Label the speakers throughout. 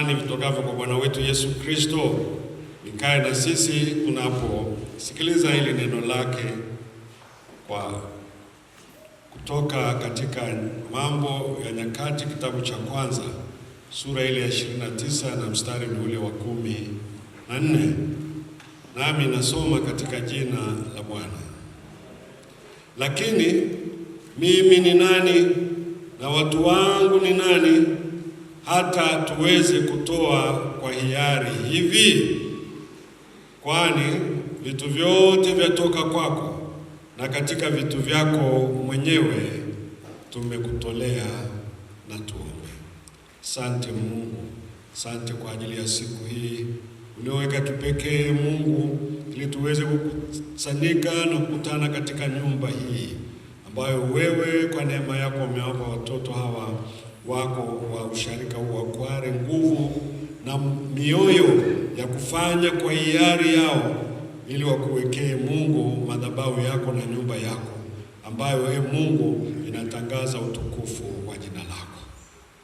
Speaker 1: imani vitokavyo kwa Bwana wetu Yesu Kristo vikae na sisi tunaposikiliza hili neno lake kwa kutoka katika Mambo ya Nyakati kitabu cha kwanza sura ile ya 29 na mstari ni ule wa kumi na nne. Nami nasoma katika jina la Bwana. Lakini mimi ni nani na watu wangu ni nani hata tuweze kutoa kwa hiari hivi, kwani vitu vyote vyatoka kwako na katika vitu vyako mwenyewe tumekutolea. Na tuombe. Sante Mungu, sante kwa ajili ya siku hii ulioweka kipekee Mungu, ili tuweze kukusanyika na kukutana katika nyumba hii ambayo wewe kwa neema yako umewapa watoto hawa wako wa usharika huu wa Kware nguvu na mioyo ya kufanya kwa hiari yao, ili wakuwekee Mungu madhabahu yako na nyumba yako ambayo e Mungu inatangaza utukufu wa jina lako.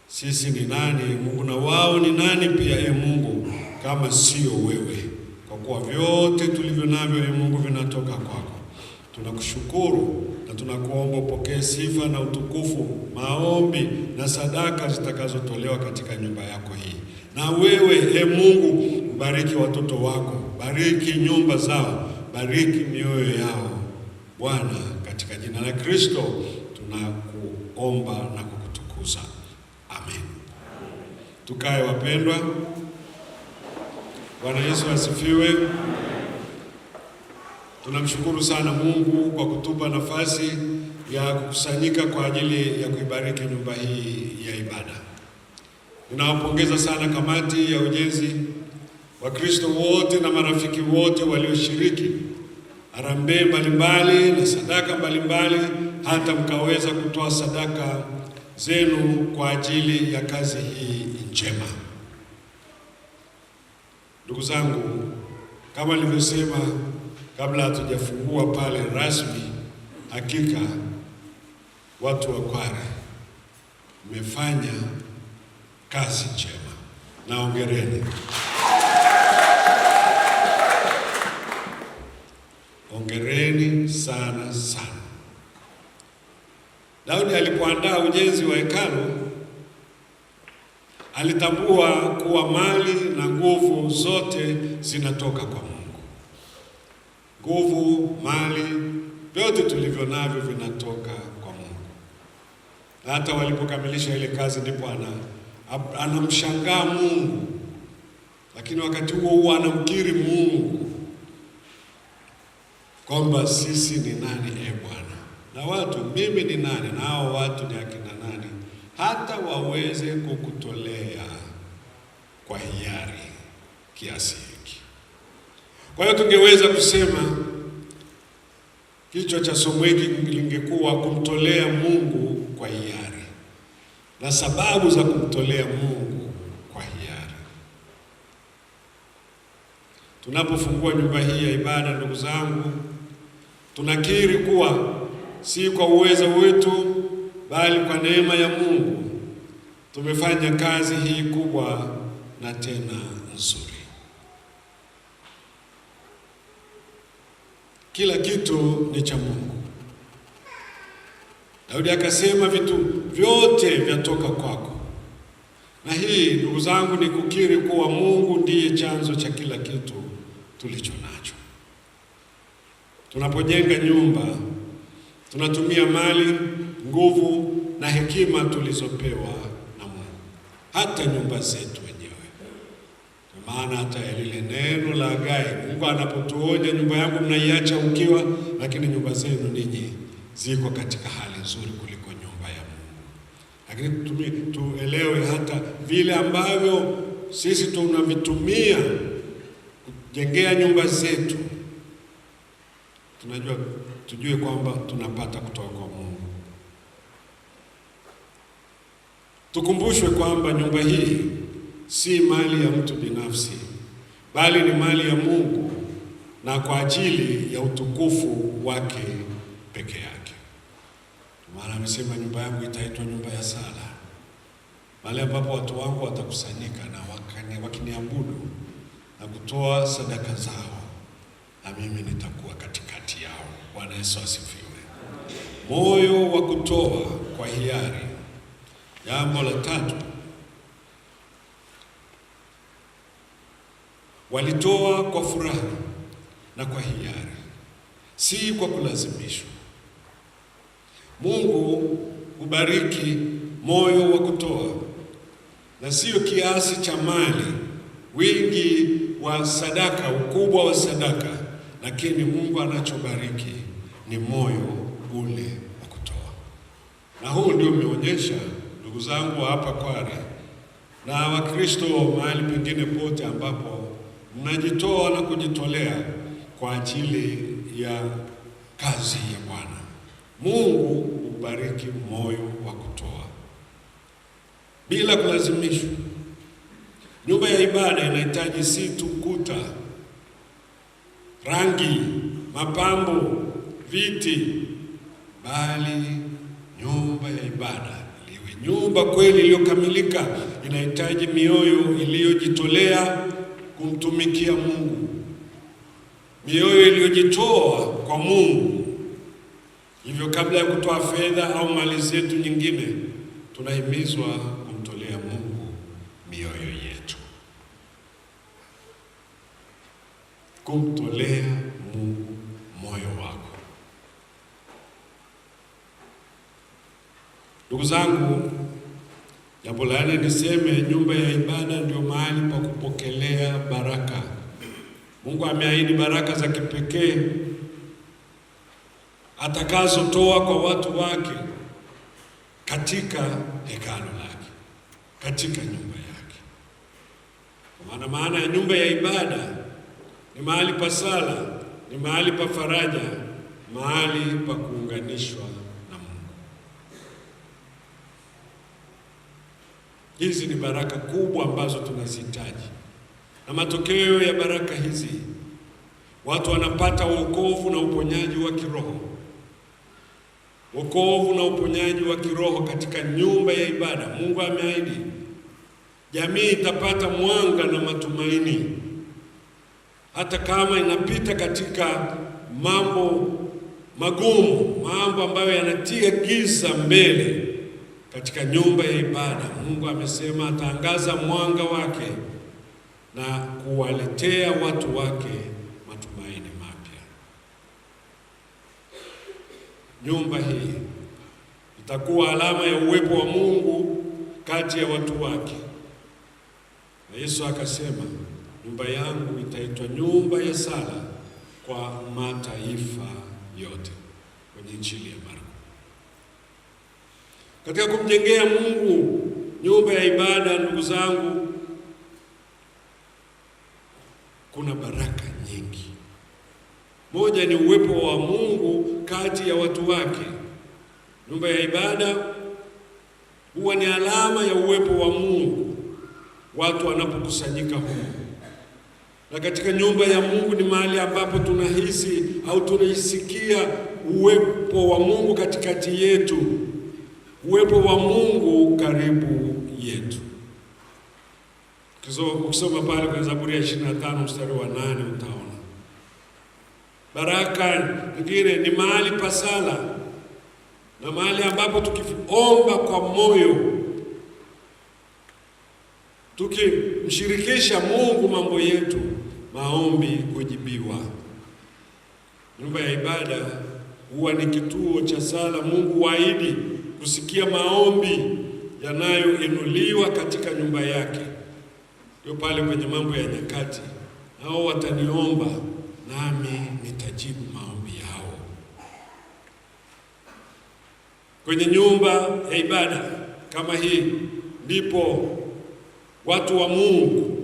Speaker 1: Sisi ni nani Mungu, na wao ni nani pia e Mungu, kama sio wewe? Kwa kuwa vyote tulivyo navyo e Mungu vinatoka kwako. Tunakushukuru tunakuomba upokee sifa na utukufu, maombi na sadaka zitakazotolewa katika nyumba yako hii. Na wewe e Mungu, bariki watoto wako, bariki nyumba zao, bariki mioyo yao Bwana, katika jina la Kristo tunakuomba na kukutukuza amen. Tukae wapendwa. Bwana Yesu asifiwe. Tunamshukuru sana Mungu kwa kutupa nafasi ya kukusanyika kwa ajili ya kuibariki nyumba hii ya ibada. Ninawapongeza sana kamati ya ujenzi, Wakristo wote na marafiki wote walioshiriki harambee mbalimbali na sadaka mbalimbali, hata mkaweza kutoa sadaka zenu kwa ajili ya kazi hii njema. Ndugu zangu, kama nilivyosema kabla hatujafungua pale rasmi. Hakika watu wa Kware mmefanya kazi njema na ongereni, ongereni sana sana. Daudi alipoandaa ujenzi wa hekalu alitambua kuwa mali na nguvu zote zinatoka kwa Mungu nguvu, mali, vyote tulivyo navyo vinatoka kwa Mungu. Na hata walipokamilisha ile kazi, ndipo ana anamshangaa Mungu, lakini wakati huo huo anamkiri Mungu kwamba sisi ni nani, e Bwana, na watu mimi ni nani, na hao watu ni akina nani, hata waweze kukutolea kwa hiari kiasi hiki. Kwa hiyo tungeweza kusema Kichwa cha somo hili lingekuwa kumtolea Mungu kwa hiari, na sababu za kumtolea Mungu kwa hiari. Tunapofungua nyumba hii ya ibada, ndugu zangu, tunakiri kuwa si kwa uwezo wetu, bali kwa neema ya Mungu tumefanya kazi hii kubwa na tena nzuri. kila kitu ni cha Mungu. Daudi akasema vitu vyote vyatoka kwako. Na hii ndugu zangu, ni kukiri kuwa Mungu ndiye chanzo cha kila kitu tulicho nacho. Tunapojenga nyumba, tunatumia mali, nguvu na hekima tulizopewa na Mungu, hata nyumba zetu maana hata ya lile neno la Hagai, Mungu anapotuonya, nyumba yangu mnaiacha ukiwa, lakini nyumba zenu ninyi ziko katika hali nzuri kuliko nyumba ya Mungu. Lakini tuelewe hata vile ambavyo sisi tunavitumia kujengea nyumba zetu, tunajua tujue kwamba tunapata kutoka kwa Mungu. Tukumbushwe kwamba nyumba hii si mali ya mtu binafsi, bali ni mali ya Mungu na kwa ajili ya utukufu wake peke yake. Maana amesema nyumba yangu itaitwa nyumba ya sala, mahali ambapo watu wangu watakusanyika na wakiniabudu na kutoa sadaka zao, na mimi nitakuwa katikati yao. Bwana Yesu asifiwe. Moyo wa kutoa kwa hiari. Jambo la tatu Walitoa kwa furaha na kwa hiari, si kwa kulazimishwa. Mungu hubariki moyo wa kutoa na sio kiasi cha mali, wingi wa sadaka, ukubwa wa sadaka, lakini Mungu anachobariki ni moyo ule wa kutoa. Na huu ndio umeonyesha, ndugu zangu hapa Kware na Wakristo mahali pengine pote ambapo mnajitoa na kujitolea kwa ajili ya kazi ya Bwana. Mungu ubariki moyo wa kutoa bila kulazimishwa. Nyumba ya ibada inahitaji si tu kuta, rangi, mapambo, viti, bali nyumba ya ibada liwe nyumba kweli iliyokamilika. Inahitaji mioyo iliyojitolea kumtumikia Mungu, mioyo iliyojitoa kwa Mungu. Hivyo, kabla ya kutoa fedha au mali zetu nyingine, tunahimizwa kumtolea Mungu mioyo yetu, kumtolea Mungu moyo wako, ndugu zangu. Jambo la nne niseme, nyumba ya ibada ndio mahali pa kupokelea baraka. Mungu ameahidi baraka za kipekee atakazotoa kwa watu wake katika hekalo lake, katika nyumba yake. Kwa maana maana ya nyumba ya ibada ni mahali pa sala, ni mahali pa faraja, mahali pa kuunganishwa Hizi ni baraka kubwa ambazo tunazihitaji, na matokeo ya baraka hizi watu wanapata wokovu na uponyaji wa kiroho, wokovu na uponyaji wa kiroho katika nyumba ya ibada. Mungu ameahidi jamii itapata mwanga na matumaini, hata kama inapita katika mambo magumu, mambo ambayo yanatia giza mbele katika nyumba ya ibada, Mungu amesema atangaza mwanga wake na kuwaletea watu wake matumaini mapya. Nyumba hii itakuwa alama ya uwepo wa Mungu kati ya watu wake, na Yesu akasema, nyumba yangu itaitwa nyumba ya sala kwa mataifa yote, kwenye Injili ya katika kumjengea Mungu nyumba ya ibada, ndugu zangu, kuna baraka nyingi. Moja ni uwepo wa Mungu kati ya watu wake. Nyumba ya ibada huwa ni alama ya uwepo wa Mungu watu wanapokusanyika huko, na katika nyumba ya Mungu ni mahali ambapo tunahisi au tunaisikia uwepo wa Mungu katikati yetu uwepo wa Mungu karibu yetu. Ukisoma pale kwenye Zaburi ya 25 mstari wa 8 utaona baraka nyingine ni mahali pa sala na mahali ambapo tukiomba kwa moyo tukimshirikisha Mungu mambo yetu, maombi kujibiwa. Nyumba ya ibada huwa ni kituo cha sala. Mungu waidi kusikia maombi yanayoinuliwa katika nyumba yake. Ndio pale kwenye Mambo ya Nyakati, nao wataniomba nami nitajibu maombi yao. Kwenye nyumba ya ibada kama hii ndipo watu wa Mungu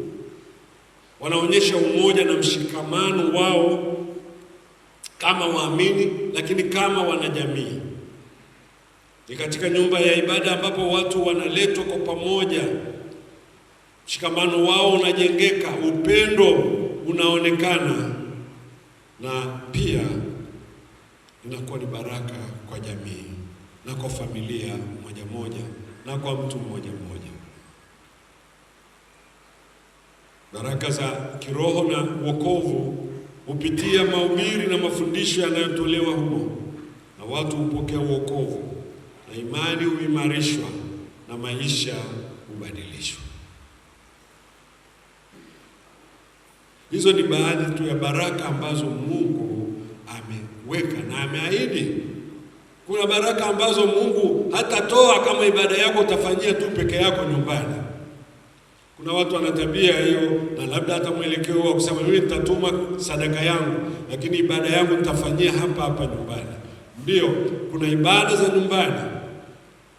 Speaker 1: wanaonyesha umoja na mshikamano wao kama waamini, lakini kama wanajamii. Ni katika nyumba ya ibada ambapo watu wanaletwa kwa pamoja, mshikamano wao unajengeka, upendo unaonekana, na pia inakuwa ni baraka kwa jamii na kwa familia moja moja na kwa mtu mmoja mmoja. Baraka za kiroho na wokovu hupitia mahubiri na mafundisho yanayotolewa humo, na watu hupokea wokovu na imani huimarishwa na maisha hubadilishwa. Hizo ni baadhi tu ya baraka ambazo Mungu ameweka na ameahidi. Kuna baraka ambazo Mungu hatatoa kama ibada yako utafanyia tu peke yako nyumbani. Kuna watu wana tabia hiyo, na labda hata mwelekeo wa kusema mimi nitatuma sadaka yangu, lakini ibada yangu nitafanyia hapa hapa nyumbani. Ndio, kuna ibada za nyumbani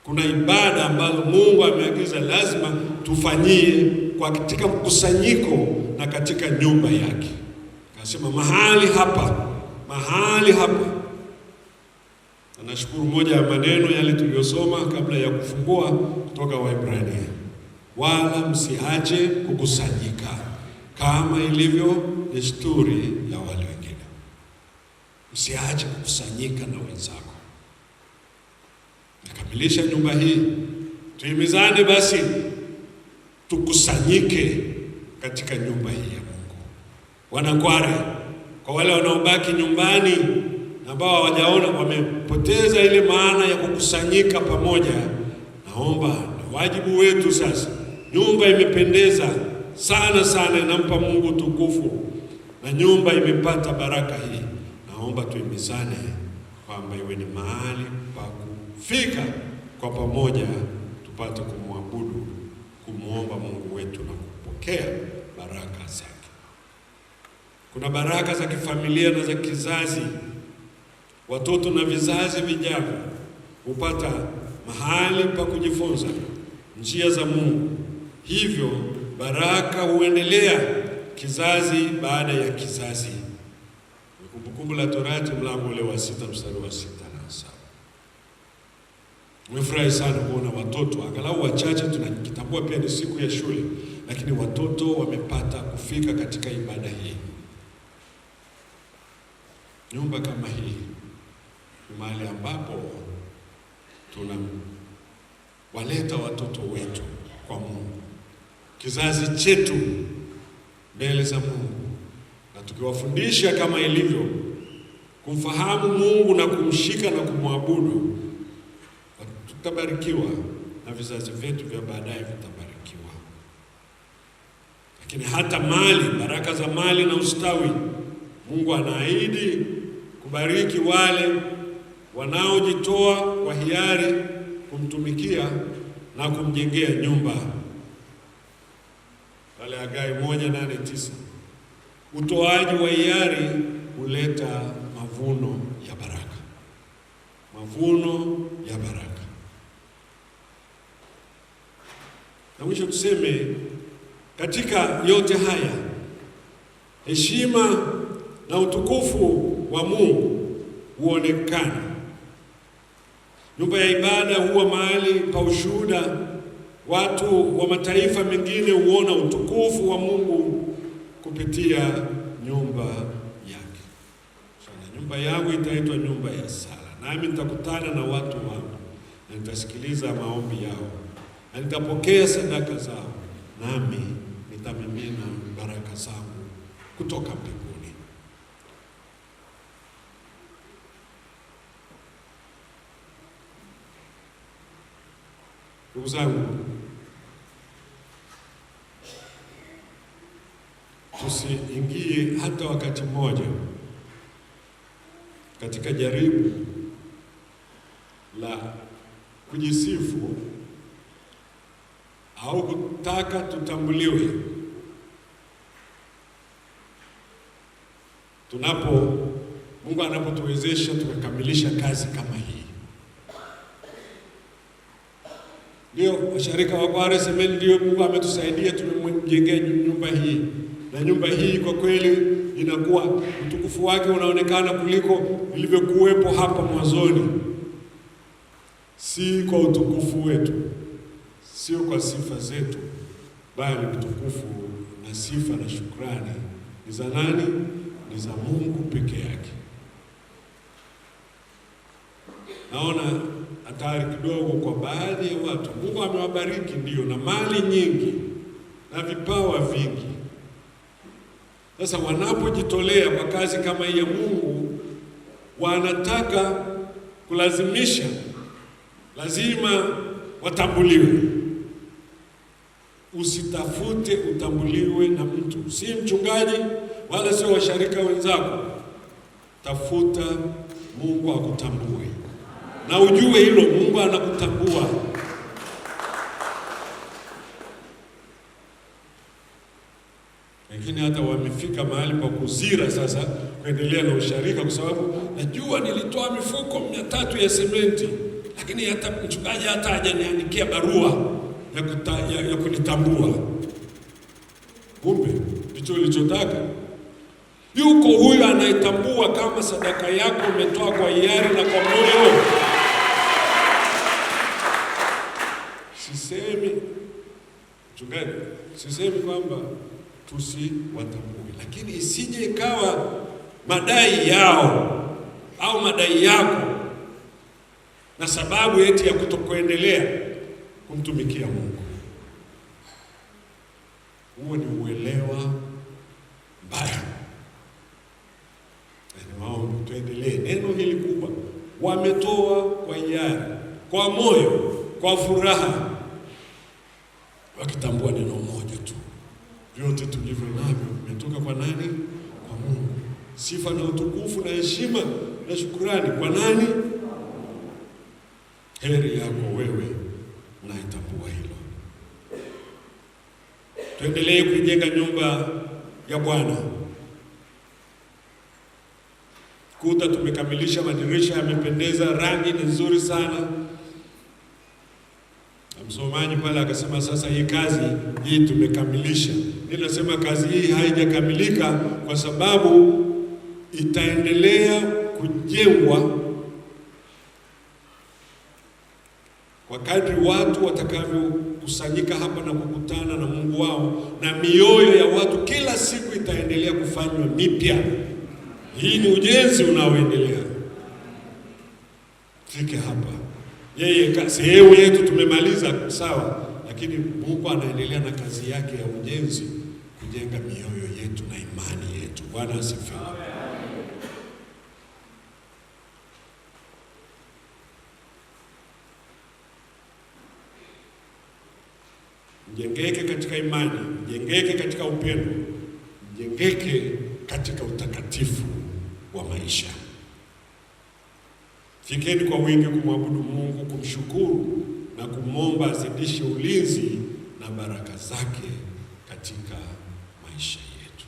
Speaker 1: kuna ibada ambazo Mungu ameagiza lazima tufanyie kwa katika mkusanyiko na katika nyumba yake. Akasema mahali hapa, mahali hapa. Anashukuru nashukuru moja ya maneno yale tuliyosoma kabla ya kufungua kutoka Waebrania, wala msiache kukusanyika kama ilivyo desturi ya wale wengine. Msiache kukusanyika na wenzako. Nakamilisha nyumba hii, tuhimizane basi tukusanyike katika nyumba hii ya Mungu. Wanakware, kwa wale wanaobaki nyumbani ambao hawajaona wamepoteza ile maana ya kukusanyika pamoja, naomba ni wajibu wetu sasa. Nyumba imependeza sana sana, inampa Mungu tukufu na nyumba imepata baraka hii. Naomba tuimizane kwamba iwe ni mahali fika kwa pamoja tupate kumwabudu, kumwomba Mungu wetu na kupokea baraka zake. Kuna baraka za kifamilia na za kizazi. Watoto na vizazi vijavyo hupata mahali pa kujifunza njia za Mungu, hivyo baraka huendelea kizazi baada ya kizazi. Kumbukumbu la Torati mlango ule wa sita mstari wa sita. Tumefurahi sana kuona watoto angalau wachache, tunakitambua pia ni siku ya shule, lakini watoto wamepata kufika katika ibada hii. Nyumba kama hii ni mahali ambapo tunawaleta watoto wetu kwa Mungu, kizazi chetu mbele za Mungu, na tukiwafundisha kama ilivyo kumfahamu Mungu na kumshika na kumwabudu tutabarikiwa na vizazi vyetu vya baadaye vitabarikiwa. Lakini hata mali, baraka za mali na ustawi, Mungu anaahidi kubariki wale wanaojitoa kwa hiari kumtumikia na kumjengea nyumba. Pale Hagai moja nane tisa. Utoaji wa hiari huleta mavuno ya baraka, mavuno ya baraka. Na mwisho tuseme, katika yote haya heshima na utukufu wa Mungu huonekana. Nyumba ya ibada huwa mahali pa ushuhuda. Watu wa mataifa mengine huona utukufu wa Mungu kupitia nyumba yake. Sana, nyumba yangu itaitwa nyumba ya sala, nami nitakutana na watu wangu na nitasikiliza maombi yao na nitapokea sadaka zao, nami nitamimina baraka zangu kutoka mbinguni. Ndugu zangu, tusiingie hata wakati mmoja katika jaribu la kujisifu kutaka tutambuliwe. Tunapo Mungu anapotuwezesha tukakamilisha kazi kama hii, ndio washarika wa kware semeni, ndio Mungu ametusaidia, tumemjengea nyumba hii, na nyumba hii kwa kweli inakuwa utukufu wake unaonekana kuliko ilivyokuwepo hapa mwanzoni, si kwa utukufu wetu sio kwa sifa zetu, bali utukufu na sifa na shukrani ni za nani? Ni za Mungu peke yake. Naona hatari kidogo kwa baadhi ya watu. Mungu amewabariki ndio, na mali nyingi na vipawa vingi. Sasa wanapojitolea kwa kazi kama hii ya Mungu, wanataka kulazimisha, lazima watambuliwe usitafute utambuliwe na mtu, si mchungaji wala sio washarika wenzako. Tafuta Mungu akutambue, na ujue hilo, Mungu anakutambua. lakini hata wamefika mahali pa kuzira sasa kuendelea na usharika, kwa sababu najua nilitoa mifuko mia tatu ya sementi, lakini hata mchungaji hata hajaniandikia barua ya, kuta, ya, ya kunitambua. Kumbe ndicho ulichotaka. Yuko huyo anaitambua kama sadaka yako umetoa kwa hiari na kwa moyo. Sisemi mchungaji, sisemi kwamba tusiwatambue, lakini isije ikawa madai yao au madai yako na sababu eti ya kutokuendelea kumtumikia Mungu. Huo ni uelewa mbaya. Ni yaani tuendelee. Neno hili kubwa wametoa kwa hiari, kwa moyo, kwa furaha, wakitambua neno moja tu, vyote tulivyo navyo vimetoka kwa nani? Kwa Mungu. Sifa na utukufu na heshima na shukurani kwa nani? Heri yako wewe mnaitambua hilo. Tuendelee kuijenga nyumba ya Bwana. Kuta tumekamilisha, madirisha yamependeza, rangi ni nzuri sana. msomaji pale akasema, sasa hii kazi hii tumekamilisha. Mimi nasema kazi hii haijakamilika, kwa sababu itaendelea kujengwa kadri watu watakavyokusanyika hapa na kukutana na Mungu wao, na mioyo ya watu kila siku itaendelea kufanywa mipya. Hii ni ujenzi unaoendelea. Fike hapa yeye, sehemu yetu tumemaliza sawa, lakini Mungu anaendelea na kazi yake ya ujenzi, kujenga mioyo yetu na imani yetu. Bwana asifiwe. mjengeke katika imani, mjengeke katika upendo, mjengeke katika utakatifu wa maisha. Fikeni kwa wingi kumwabudu Mungu, kumshukuru na kumwomba azidishe ulinzi na baraka zake katika maisha yetu.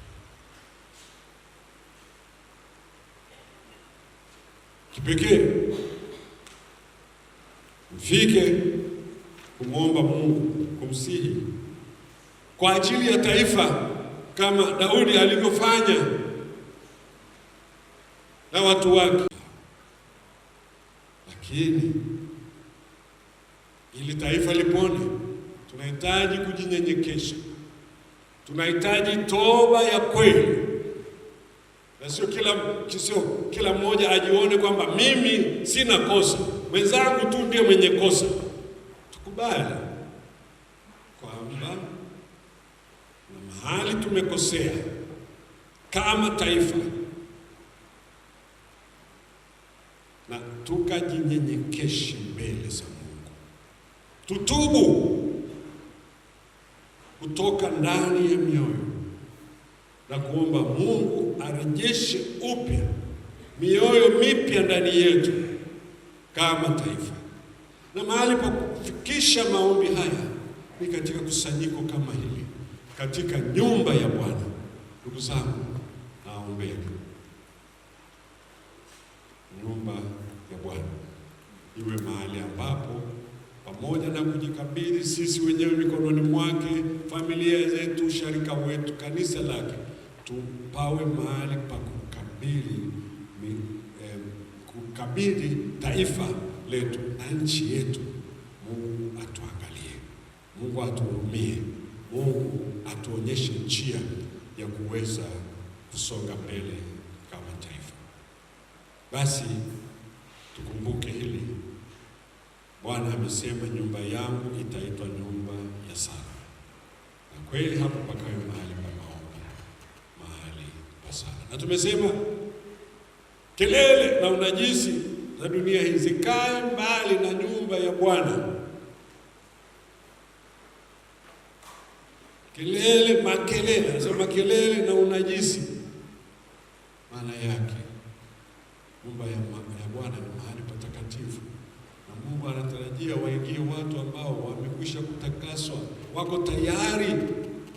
Speaker 1: Kipekee mfike kumwomba Mungu, kumsihi kwa ajili ya taifa kama Daudi alivyofanya na watu wake, lakini ili taifa lipone, tunahitaji kujinyenyekesha, tunahitaji toba ya kweli, na sio kila kisio kila mmoja ajione kwamba mimi sina kosa, mwenzangu tu ndiye mwenye kosa kukubali kwamba na mahali tumekosea kama taifa na tukajinyenyekeshe mbele za Mungu, tutubu kutoka ndani ya mioyo na kuomba Mungu arejeshe upya mioyo mipya ndani yetu kama taifa na mahali pa kufikisha maombi haya ni katika kusanyiko kama hili, katika nyumba ya Bwana. Ndugu zangu, naombeni nyumba ya Bwana iwe mahali ambapo pamoja na kujikabidhi sisi wenyewe mikononi mwake, familia zetu, usharika wetu, kanisa lake, tupawe mahali pa kukabidhi eh, kukabidhi taifa letu na nchi yetu. Mungu atuangalie, Mungu atuhurumie, Mungu atuonyeshe njia ya kuweza kusonga mbele kama taifa. Basi tukumbuke hili. Bwana amesema, nyumba yangu itaitwa nyumba ya sala, na kweli hapo pakawe mahali pa maombi, mahali pa sala. Na tumesema kelele na unajisi za dunia hii zikae mbali na nyumba ya Bwana. Kelele, makelele, anasema kelele na unajisi, maana yake nyumba ya Bwana ni mahali patakatifu, na Mungu anatarajia waingie watu ambao wamekwisha kutakaswa, wako tayari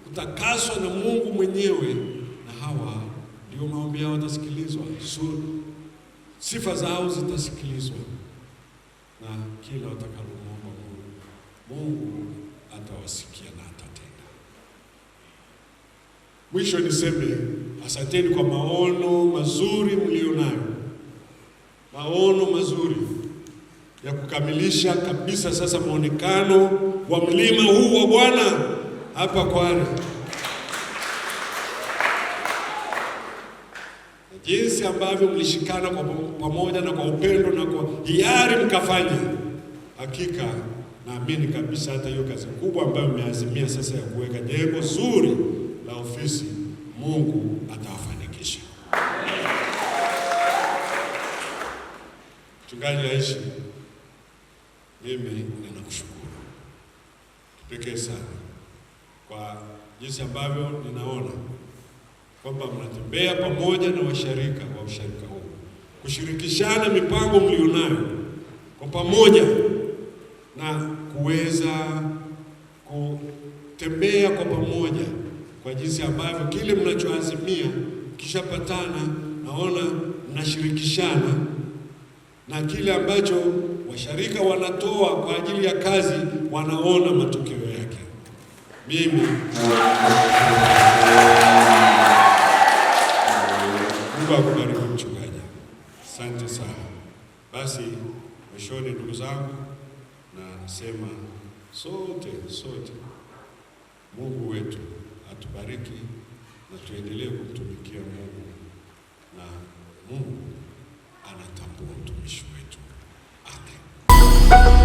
Speaker 1: kutakaswa na Mungu mwenyewe, na hawa ndio maombi yao watasikilizwa sifa zao zitasikilizwa na kila watakalomwomba Mungu, Mungu atawasikia na atatenda. Mwisho niseme asanteni kwa maono mazuri mlionayo, maono mazuri ya kukamilisha kabisa sasa maonekano wa mlima huu wa Bwana hapa Kwale. jinsi ambavyo mlishikana kwa pamoja na kwa upendo na kwa hiari mkafanya, hakika naamini kabisa hata hiyo kazi kubwa ambayo mmeazimia sasa ya kuweka jengo zuri la ofisi, Mungu atawafanikisha. Mchungaji Aishi, mimi ninakushukuru kipekee sana kwa jinsi ambavyo ninaona kwamba mnatembea pamoja na washirika wa ushirika huu kushirikishana mipango mlionayo kwa pamoja na kuweza kutembea kwa pamoja kwa jinsi ambavyo kile mnachoazimia kishapatana, naona mnashirikishana na kile ambacho washirika wanatoa kwa ajili ya kazi, wanaona matokeo yake. Mimi Mungu akubariki mchungaji, asante sana. Basi mwishoni, ndugu zangu, na nasema sote sote, Mungu wetu atubariki na tuendelee kumtumikia Mungu, na Mungu anatambua utumishi wetu. Amen.